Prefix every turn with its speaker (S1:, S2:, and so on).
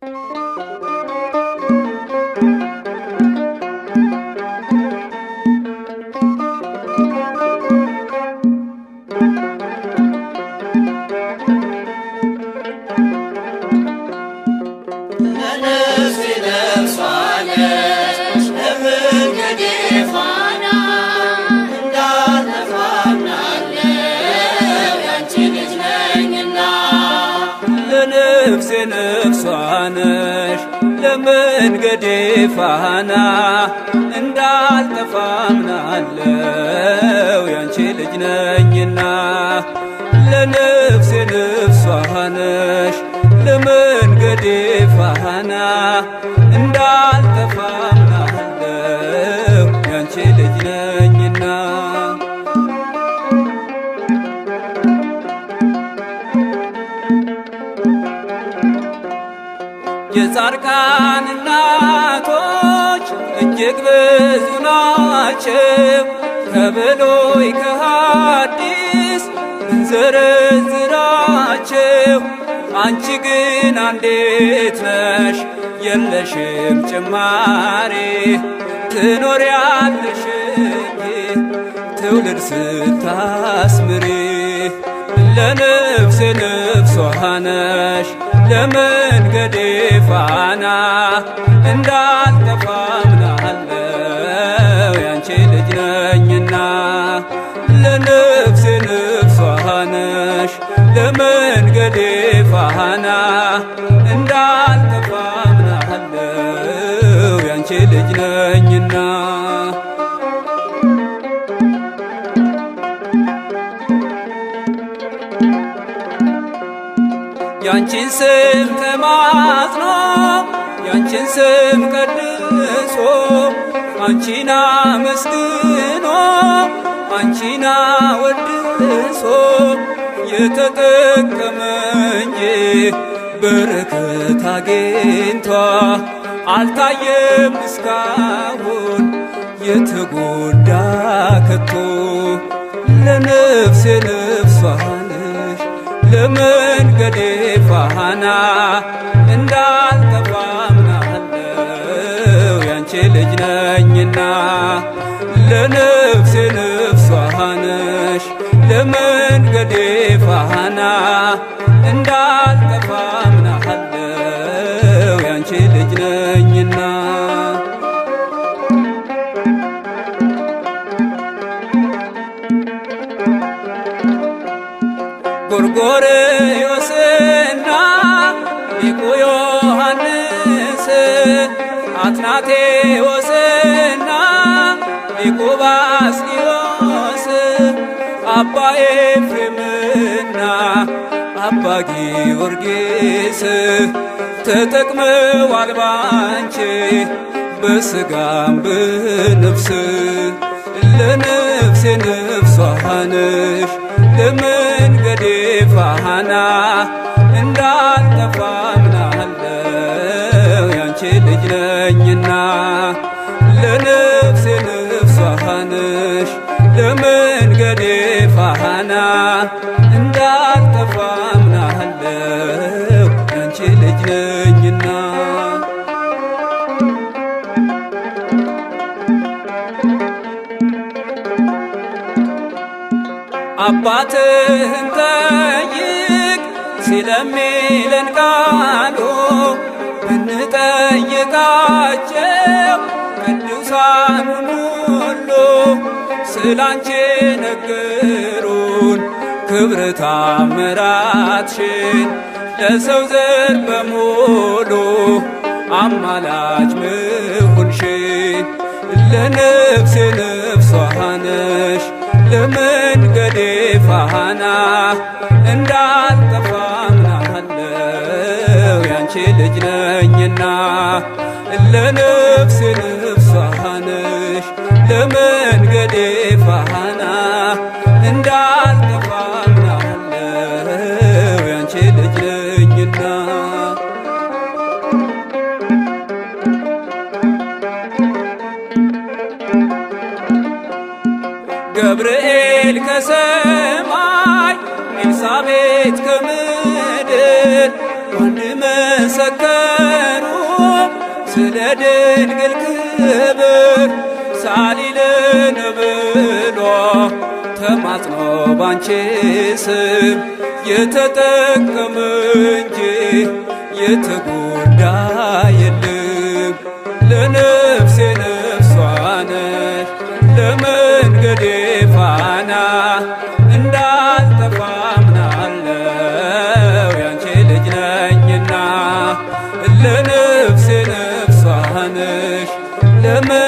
S1: Thank you
S2: በመንገዴ ፋና እንዳልጠፋ ምናለው ያንቺ ልጅ ነኝና ለነፍሴ ነፍሷ ነሽ ለመንገዴ ፋና የጻድቃን እናቶች እጅግ ብዙ ናቸው። ከብሉይ ከሐዲስ ምንዘረዝራቸው አንቺ ግን አንዴት ነሽ የለሽም ጭማሪ ትኖሪያለሽ ትውልድ ስታስምሪ ለነፍሴ ብርሃነሽ ለመንገዴ ፋና እንዳልጠፋ ምናለው ያንቺ ልጅ ነኝና ለነፍሴ ነፍሷነሽ ለመንገዴ ፋና እንዳልጠፋ ምናለው ያንቺ ልጅ ነኝ ያንቺን ስም ከማጽናት ያንቺን ስም ቀድሶ አንቺና መስግኖ አንቺና ወድሶ የተጠቀመ እንጂ በረከት አግኝቷ አልታየም እስካሁን የተጎዳ ከቶ ለነፍሴ ነፍሷ ለመንገዴ ፋና እንዳልጠፋ ምናለው ያንቺ ልጅ ነኝና ለነፍሴ ነፍሷ ነሽ ለመንገዴ ፋና እንዳልጠፋ ያንቺ ልጅ ነኝና ጎርዮስና ሊቁ ዮሐንስ አትናቴዎስና ሊቁ ባስልዮስ አባ ኤፍሬምና አባ ጊዮርጊስ ተጠቅመዋል ባንቺ በስጋም በነፍስ ለነፍሴ ነፍሷ ነሽ ፋና እንዳልጠፋ ምናለው ያንቺ ልጅ ነኝና ለነፍሴ ነፍሷ ፋንሽ ለመንገዴ ፋና አባትህን ጠይቅ ሲለሚለን ቃሉ ብንጠይቃቸው ቅዱሳኑን ሁሉ ስላንቺ ነገሩን ክብር ታምራትሽን ለሰው ዘር በሙሉ አማላጅ ምሁንሽን ለነፍሴ ነፍሷ ነሽ ለመንገዴ ፋሃና እንዳልጠፋ ምናለው ያንቺ ልጅ ነኝና ለነፍሴ ነፍሳሃነሽ ለመንገዴ ፋሃና ማን መሰከሩ ስለ ድንግል ክብር ሳሊልን ብሎ ተማጽኖ ባንቺ ስም የተጠቀም እንጂ የተጎዳ የለም። ለነፍሴ ነፍሷ ነሽ ለመንገዴ ፋና عنك لما